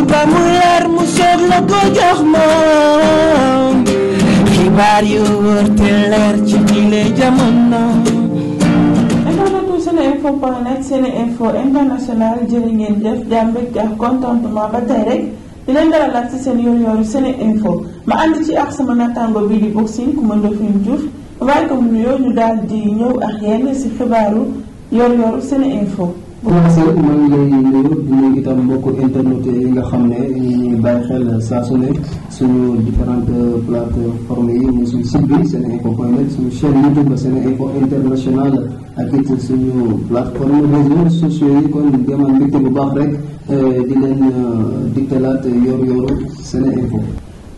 ku ba mu leer mu soog la ko jox moom xibaar yu wër te leer ci bile jamono. Seneinfo.net Seneinfo International jërë ngeen jëf jàmm ak contentement ba tey di leen dalalaat ci seen yoor yooru Seneinfo ma ànd ci ak sama nattaango bii di boxing ku mën def ñu juuf waaye comme nuyoo ñu di ñëw ak yenn ci xibaaru yoor yooru Seneinfo. commencé man lay nuyu di nuyu itam mbokku internet yi nga xam ne ñu ñuy xel saa su ne suñu différentes plateformes yi muy suñu site bi seneinfo point net suñu chaîne YouTube Seneinfo International ak it suñu plateforme réseaux sociaux yi kon demal mbégte bu baax rek eh, di leen eh, diktalaat yor yoru Seneinfo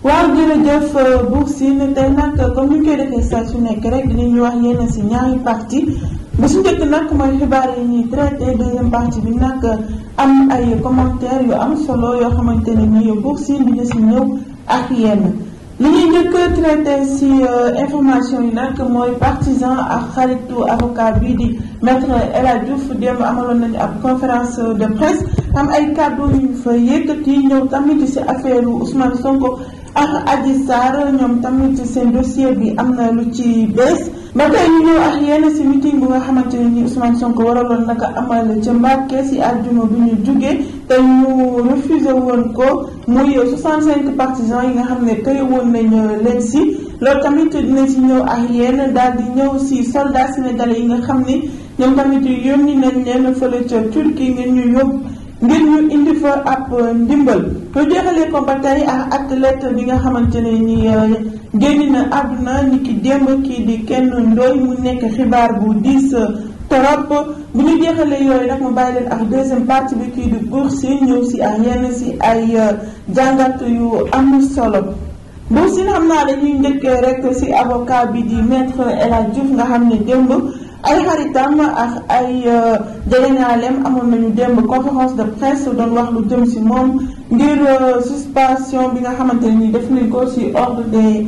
waaw jërëjëf euh, Bour Sine tey nag comme ni ñu koy defee saa su nekk rek dinañuy wax yenn si ñaari parti bu su njëkk nag mooy xibaar yi ñuy traité deuxième partie bi nag am ay commentaire yu am solo yoo xamante ne nii Bour Sine dina si ñëw ak yenn li ñuy njëkk traité si euh, information yi nag mooy partisan ak xaritu avocat bii di maître El Hadj Diouf démb amaloon nañu ab conférence de presse am ay kàddu yu ñu fa yëkkati ñëw tamit si affaire Ousmane Sonko. ak Adji Sarr ñoom tamit seen dossier bi am na lu ci bees ma tey ñu ñëw ak yenn si meeting bu nga xamante ne ni Ousmane Sonko waraloon naka amal ca Mbàkke si àjjuma bi ñu jugee te ñu refusé woon ko muy 65 partisans yi nga xam ne këri woon nañ leen si loolu tamit dinañ si ñëw ak yenn daal di ñëw si soldats sénégalais yi nga xam ni ñoom tamit yónni nañ leen fële ca Turquie ngeen ñu yóbbu. ngir ñu indi fa ab euh, ndimbal ñu jeexalee ko ba tey ak athlète bi nga xamante ne ni euh, na àdduna ni ki démb kii di kenn ndooy mu nekk xibaar bu diis euh, torop bu ñu jeexalee yooyu nag mu bàyyi leen ak deuxième partie bi kii di Buur Sine ñëw si ak yenn si ay jàngat yu am solo Buur si xam naa dañuy njëkkee rek si avocat bi di maître El nga xam ne démb ay xaritam ak ay jegeñaaleem euh, amoon nañu démb conférence de presse doon wax lu jëm si moom ngir euh, suspension bi nga xamante ni def nañ ko si ordre des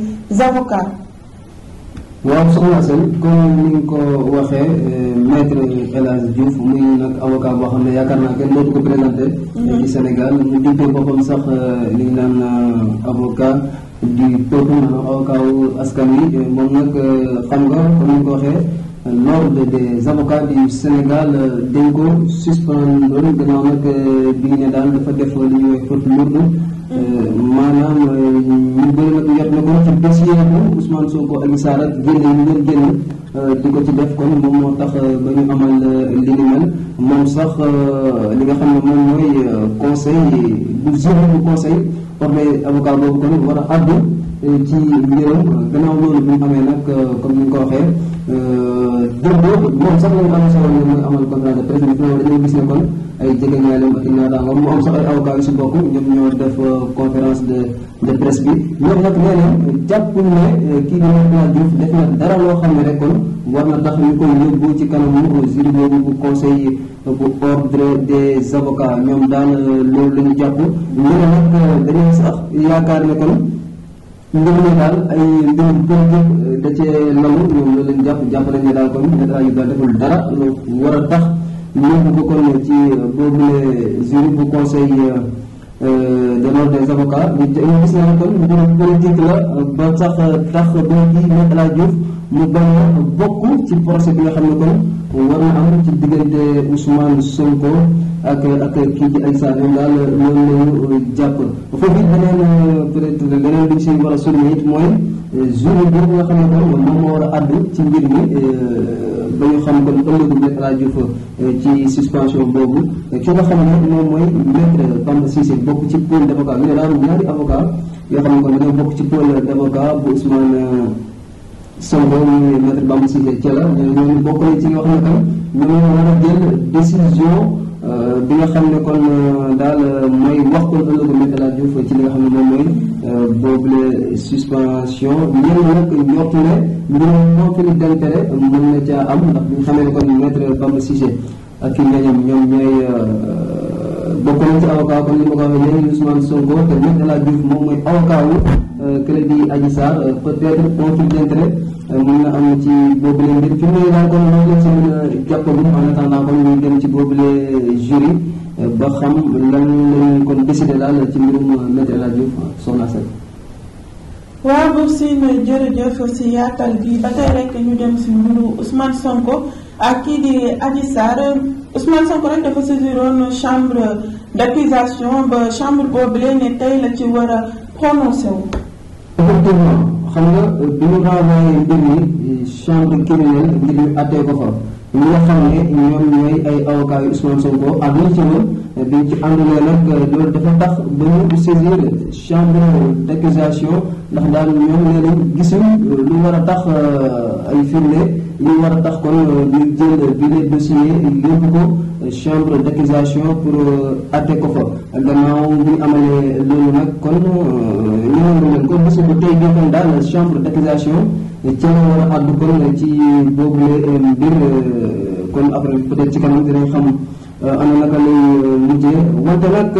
avocats. waaw soxna Sène comme ni nga ko waxee euh, maître El Hadji muy nag avocat boo xam ne yaakaar naa kenn dootu ko présenté. Mhm. ci Sénégal mu dippee boppam askan wi moom xam nga comme ni nga ko waxee. l'ordre euh, des avocats du Sénégal euh, dañ ko suspendre gannaaw nag euh, bii ne daal dafa def li ñuy faute lourde maanaam ñu bëri ko ci dossier ko ci def kon moom moo tax ba ñu amal li ni moom sax li nga xam ne moom mooy conseil bu jury bu conseil formé avocat boobu kon war a àddu ci mbiram gannaaw loolu bu amee nag comme ni ko waxee démb moom sax lañ am solo ne mooy amal contrat de presse bi finalement dañoo gis ne kon ay jegeñaaleem ak i naataangoom mu am sax ay avocats si bokk ñoom ñoo def euh, conférence de de bi ñoom nag nee nañ jàpp ne euh, kii di Maître Diouf def na dara loo xam ne rek kon war na tax ñu koy yóbbu ci kanamu euh, jury boobu bu conseil bu ordre des avocats ñoom daal loolu la ñu jàpp ñu ne nag dañoo sax yaakaar ne kon. mbir mi daal ay mbir politique euh, da cee lalu ñoom la leen jàpp jàppale ñu daal kon état yu deful dara war a tax ñëpp bokkoon ci euh, boobule jury bu conseil euh, de l'ordre des avocats ñu gis naa kon mbirum politique la ba sax tax ba kii Me El Hadji Diouf mu bañ bokk ci procès bi nga xam ne kon war na am ci diggante Ousmane Sonko ak ak kii di ay saako daal loolu lañu euh, jàpp foofu it beneen euh, peut être beneen bi ci war a souligner it mooy euh, journée boobu nga xam ne kon moom moo war a ba ñu xam kon ci suspension boobu ki nga xam ne moom mooy Maître Bamba Cissé bokk ci pôle d'avocat ñu ne daal ñaari avocat yoo xam ne kon dañoo bokk ci pôle d'avocat bu Ousmane Sonko muy ba Bamba Cissé Thiala ñooñu bokk ci ñoo xam ne tam ñoo war a jël décision bi nga xam ne kon euh, daal euh, mooy wax kon ëllëg Me El Hadji Diouf ci li nga xam ne moom mooy euh, boobule suspension ñenn nag ñott ne mbirum conflit d'intérêt na caa am ndax bi nga xamee ne kon maître Bamba Cissé moom mooy avocat crédit Adji Sarr euh, peut-être conflit d'intérêt euh, mën na am ci boobule mbir fi mu ne daal kon loolu lañ si mën a euh, jàppagum en attendant kon ñu dem ci boobule jury ba xam lan lañ kon décidé daal ci mbirum Maître El Hadji Diouf soxna Seck. waaw boobu si na jërëjëf si yaatal bi ba tey rek ñu dem si mbiru Ousmane Sonko ak kii di Adji Sarr Ousmane Sonko rek dafa saisiroon chambre d'accusation ba chambre boobule ne tey la ci war a prononcé effectivement xam nga bi ñu renvoyé mbir mi euh, chambre criminelle ngir ñu attee ko fa ñi nga xam ne ñoom ñooy ay avocat yu Ousmane Sonko ak ñi ci woon biñ ci àndulee nag loolu dafa tax ba ñu saisir chambre d'accusation ndax daal ñoom nee gisuñ lu war a tax euh, ay firnde li war a tax kon euh, ñu jël bile dossier yóbbu ko euh, chambre d'accusation pour atte ko fa gannaaw bi amalee loolu nag kon ñëwoon nañ ko bésu bu tey joxoon daal chambre d'accusation ci la a kon ci boobule euh, mbir euh, kon après peut-être ci kanam dinañ xam euh, ana naka lay mujjee wante nag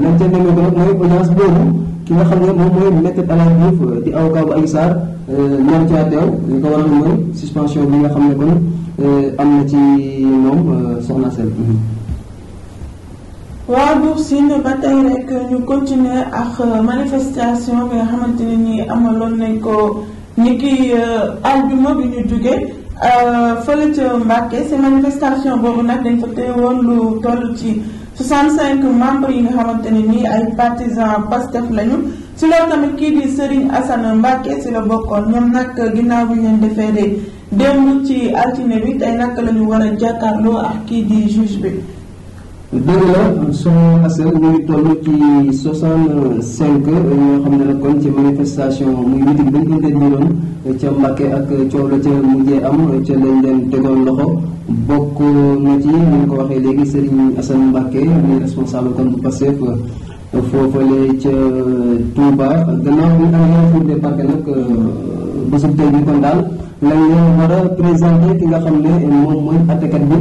lañ ca demee ko nag mooy audience boobu ki nga xam ne moom mooy Maître El Hadji Diouf di avocat bu Adji Sarr ñoom li ko waral mooy suspension bi nga xam ne kon am na ci moom soxna Sène. Mhm. waaw Buur Sine ba tey rek ñu continuer ak manifestation nga xamante ne amaloon nañ ko. ñi ki euh, aljuma bi ñu jógee euh, fële ca Mbàkke si manifestation boobu nag dañ fa téye woon lu toll ci 65 membres yi nga xamante ne nii ay partisans Pastef lañu si loolu tamit kii di Serigne Assane Mbacke si la bokkoon ñoom nag ginnaaw bi ñu leen defee de démb ci altine bi tey nag la ñu war a jàkkaarloo ak kii di juge bi. dëgg la soo asel ñu ngi toll ci soixante cinq ñoo xam ne nag kon ci manifestation muy mitig bi ñu interdiroon ca Mbàkke ak coow la ca mujjee am ca lañ leen tegoon loxo bokk na ci ñu ko waxee léegi Serigne Assane Mbàkke muy responsable kon bu Pastef foofale ca Touba gannaaw bi am na fu départe nag bésu tey bi kon daal lañ leen war a présenté ki nga xam ne moom mooy attekat bi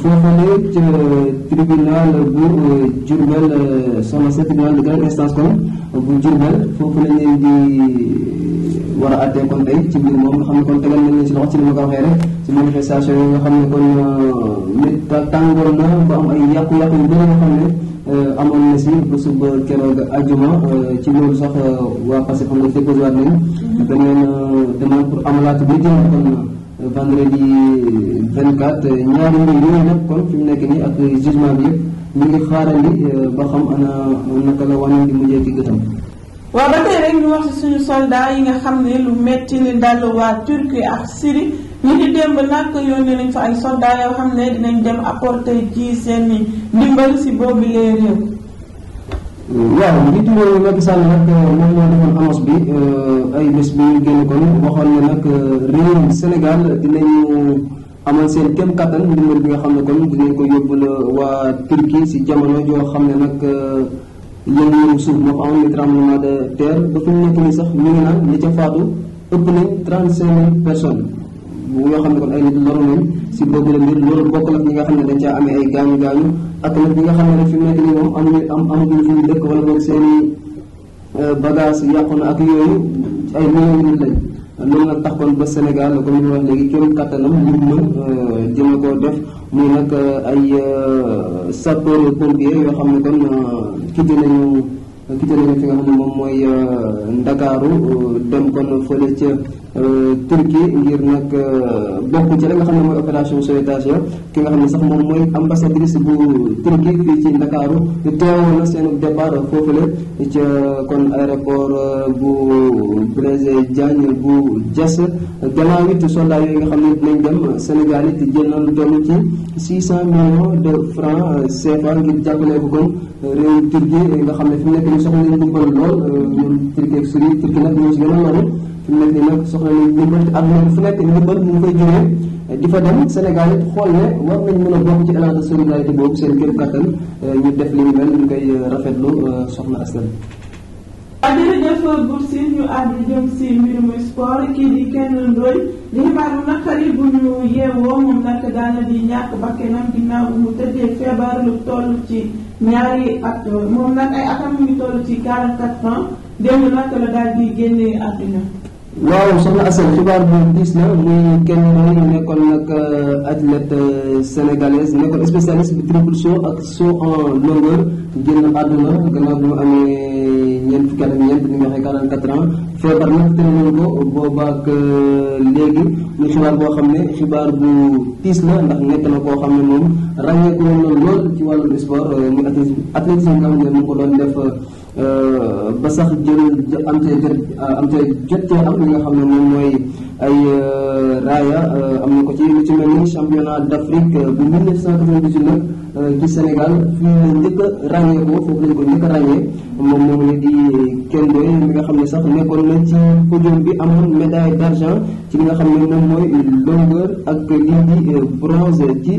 foofale ca euh, tribunal bu euh, Diourbel euh, soxna sa tribunal de grande instance kon bu Diourbel foofu lañ leen di war a kon tey ci mbir moom xam ne kon tegal nañ leen si loxo ci li ma ko waxee rek ci manifestation yi nga xam ne kon euh, nit tàngoor na ba am ay yàqu-yàqu yu bëri nga xam ne euh, amoon na si ba suba euh, keroog ajjuma ci loolu sax waa passé xam nga déposé waat nañ beneen demande bi jëm kon vendredi 24 ñaari mbir yooyu nag kon fi mu nekk nii ak jugement bi yëpp ñu ngi xaarandi ba xam ana naka la wàññi di mujjee ci gëtam waa ba tey rek ñu wax ci suñu soldat yi nga xam ne lu metti li dal waa Turquie ak Syrie ñu ngi démb nag yónnee nañ fa ay soldat yoo xam ne dinañ dem apporter ji seeni ndimbal ci boobu lee réew. waaw njiitu réew Macky Sall nag euh, moom moo defoon annonce bi euh, ay bés bi ñu génn kon waxoon ne nag euh, réewum Sénégal dinañu amal seen kéem kattan ndimbal bi nga xam ne kon dinañ ko yóbbul waa Turquie ci jamono joo xam ne nag. yëngu-yëngu suuf moo fa amoon muy tremblement de terre ba fi nekk nii sax ñu ngi naan li ca faatu ëpp na 35000 personnes yoo xam ne kon ay nit loru si boobu la mbir loolu bokk na ñi nga xam ne dañ caa amee ay gaañu gaañu ak nag ñi nga xam ne rek fi nekk nii moom amuñu am amaguñu fi ñu dëkk wala boog seen i euh, bagage yàqu na ak yooyu ay millions nit lañ. loolu nag taxoon ba Sénégal comme ni wax léegi kenn kattanam ñu mën dina euh, ko def muy nag euh, ay euh, sapeur pompier yoo xam ne kon quitté nañu quitté nañu fi nga xam ne moom mooy euh, Ndakaaru euh, dem kon fële ca euh, Turquie ngir nag bokk ci la nga xam ne mooy opération sauvetage ya ki nga xam ne sax moom mooy ambassadrice bu Turquie fii ci Ndakaaru teewoon na seen départ foofule ca kon aéroport bu Blaise Diagne bu Diass gannaaw it soldat yooyu nga xam ne dinañ dem Sénégal jël na lu ci six cent millions de francs CFA ngir jàppale kon réew Turquie nga xam ne fi nekk ñun soxla nañ ndimbal lool ñun Turquie ak Syrie Turquie nag ñoo ci gën a loru nekk nii nag soxla nañ ndimbal mu fay jógee di fa dem Sénégal xool ne war nañ mën a bokk ci élan de boobu seen kéem kattan ñu euh, def li ñu mel ñu koy euh, rafetlu euh, soxna askan waaw jërëjëf Bour Sine ñu àddu jëm si mbirum sport kii di kenn ndooy di xibaar bu naqari bu ñu yeewoo moom nag daana di ñàkk bakkanam ginnaaw mu tëddee feebar lu toll ci ñaari at euh, moom nag ay atam ñu toll ci 44 ans démb nag la daal di génnee àdduna. waaw soxna Assane xibaar bu diis na muy kenn mu nekkoon nag euh, athlète euh, sénégalaise nekkoon spécialiste bu triple saut ak saut en longueur génn àdduna gannaaw bi mu amee. ñeent fukki at ak ñeent ñu ngi waxee quarante quatre ans feebar nag tënk nañ ko boobaak euh, léegi ñu xibaar boo xam ne xibaar bu tiis la ndax nekk na koo xam ne moom ràññeeku woon na lool ci wàllu sport euh, muy athlétisme nga xam ne mu ko doon def euh, ba sax jël am cee jot am cee li nga xam ne moom mooy ay raaya am na ko ci lu ci mel ni championnat d' Afrique bu 1999 Euh, ci Sénégal fi ñu njëkk a ràññee ko foofu lañ ko njëkk a moom moom la di Ken Ndoye mi nga xam ne sax nekkoon na ci podium bi amoon médaille d'argent ci li nga xam ne moom mooy longueur ak lii di euh, bronze ci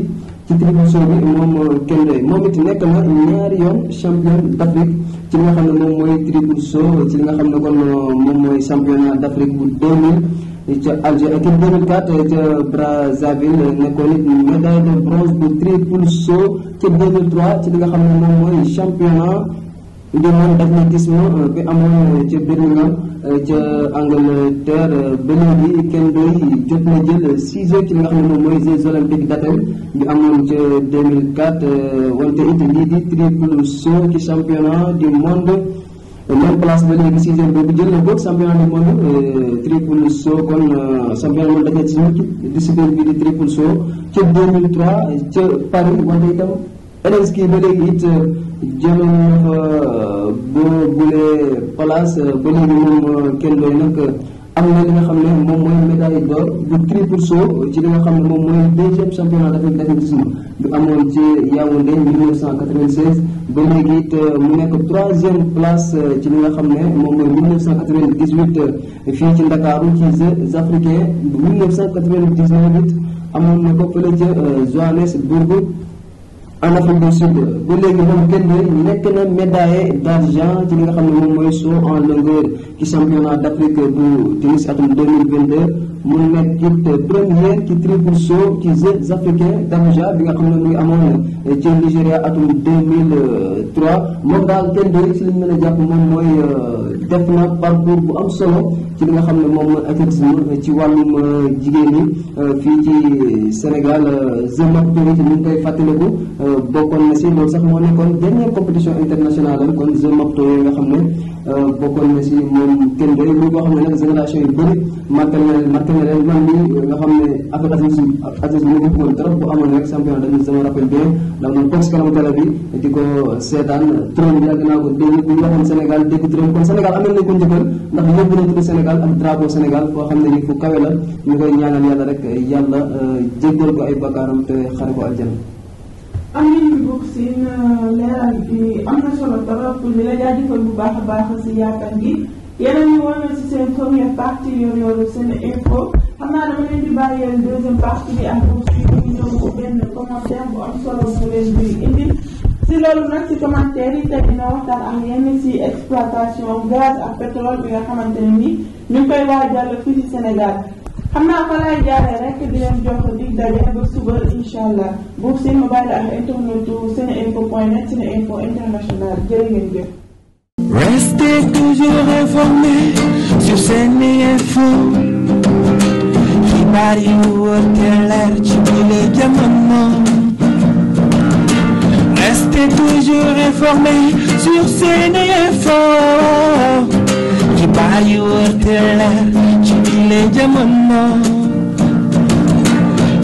ci tribution bi moom Ken Ndoye moom it nekk na ñaari yoon champion d'Afrique ci li nga xam ne moom mooy tribution ci li nga xam ne kon euh, moom mooy championnat d'Afrique bu 2000 ca Alger équipe 2004 ca Brazzaville nekkoon it bronze bu triple saut ca ci li nga xam ne moom mooy championnat du monde d'athlétisme euh, bi amoon euh, ca Birmingham euh, ca Angleterre ba léegi kenn doy jot na jël sixième ci li nga xam ne moom mooy Jeux olympiques d'Athènes bi amoon ca 2004 wante it lii di triple saut ci championnat du monde. même place ba léegi sixième boobu jël na ko championnat du monde euh, triple saut kon euh, championnat monde dafa ci discipline bi di triple saut ca 2003 ca Paris wante itam élèves kii ba léegi it euh, jëloon na boo bulee place ba léegi moom kenn doy nag am na li nga xam ne moom mooy médaille d'or bu triple saut ci li nga xam ne moom mooy deuxième championnat d'Afrique d'athlétisme bi amoon ci Yaoundé 1996 ba léegi it euh, mu nekk troisième place euh, ci li nga xam ne moom mooy 1998 euh, fii ci Ndakaaru ci Jeux bu amoon na ko fële Johannesburg en Afrique du Sud ba léegi moom kenn nekk na médaillé d'argent ci li nga xam ne moom mooy so en longueur ci championnat d'Afrique bu tennis atum 2022 mu nekk it première ci triple saut ci Jeux africains d'Abuja bi nga xam ne muy amoon ci Nigéria atum 2003 moom daal kenn de ci li ñu mën a jàpp moom mooy euh, def na parcours bu am solo ci li nga xam ne moom mooy athlétisme euh, ci wàllum euh, jigéen ñi fii ci Sénégal Zema Touré ci ñu ngi bokkoon na si loolu sax moo nekkoon dernière compétition internationale am kon jeux Mapto yooyu nga xam ne euh, bokkoon na si moom kenn doy muy boo xam ne nag génération yu na leen marqué na leen man bi nga xam ne affaire athlétisme athlétisme moo bëggoon trop bien ndax moom toog si kanam bi di ko seetaan trône bi yàgg naa ko dégg bu ñu waxoon Sénégal dégg trône kon Sénégal amel nañ ko njëkkal ndax yóbbu na tudd Sénégal ak drapeau Sénégal foo xam ne ni fu kawe ñu koy ñaanal yàlla rek yàlla euh, jéggal ko ay am i bokk seen euh, leeral bi am na solo trop di la jaajëfal bu baax a baax si yaatal gi yéen a ngi woon si seen première partie Yoor Yooru SeneInfo xam naa dama leen di bàyyeel deuxième partie bi ak aussi ñoom benn commentaire bu am solo bu leen di si loolu nag si commentaire yi tey dina waxtaan ak yenn si exploitation gaz ak pétrole bi nga xamante ne ni ñu ngi koy waajal fii ci Sénégal. xam naa fa laay jaaree rek di leen jox dig daje ba suba incha allah buuf si ma bàyyi la ak internetu seneinfo point net seneinfo international jërë ngeen jëf. Restez toujours informés sur Seneinfo xibaar yi wóor te leer ci bile jamono Restez toujours informés sur Seneinfo xibaar yi wóor te leer ne jamono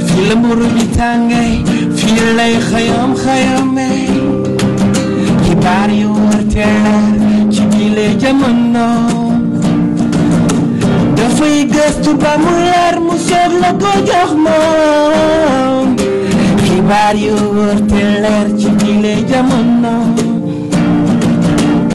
fi la bi tàngee fi xayam xayame xibaar yu war leer ci bile jamono dafay gëstu ba mu leer mu soog la ko jox moom yu war leer ci bile jamono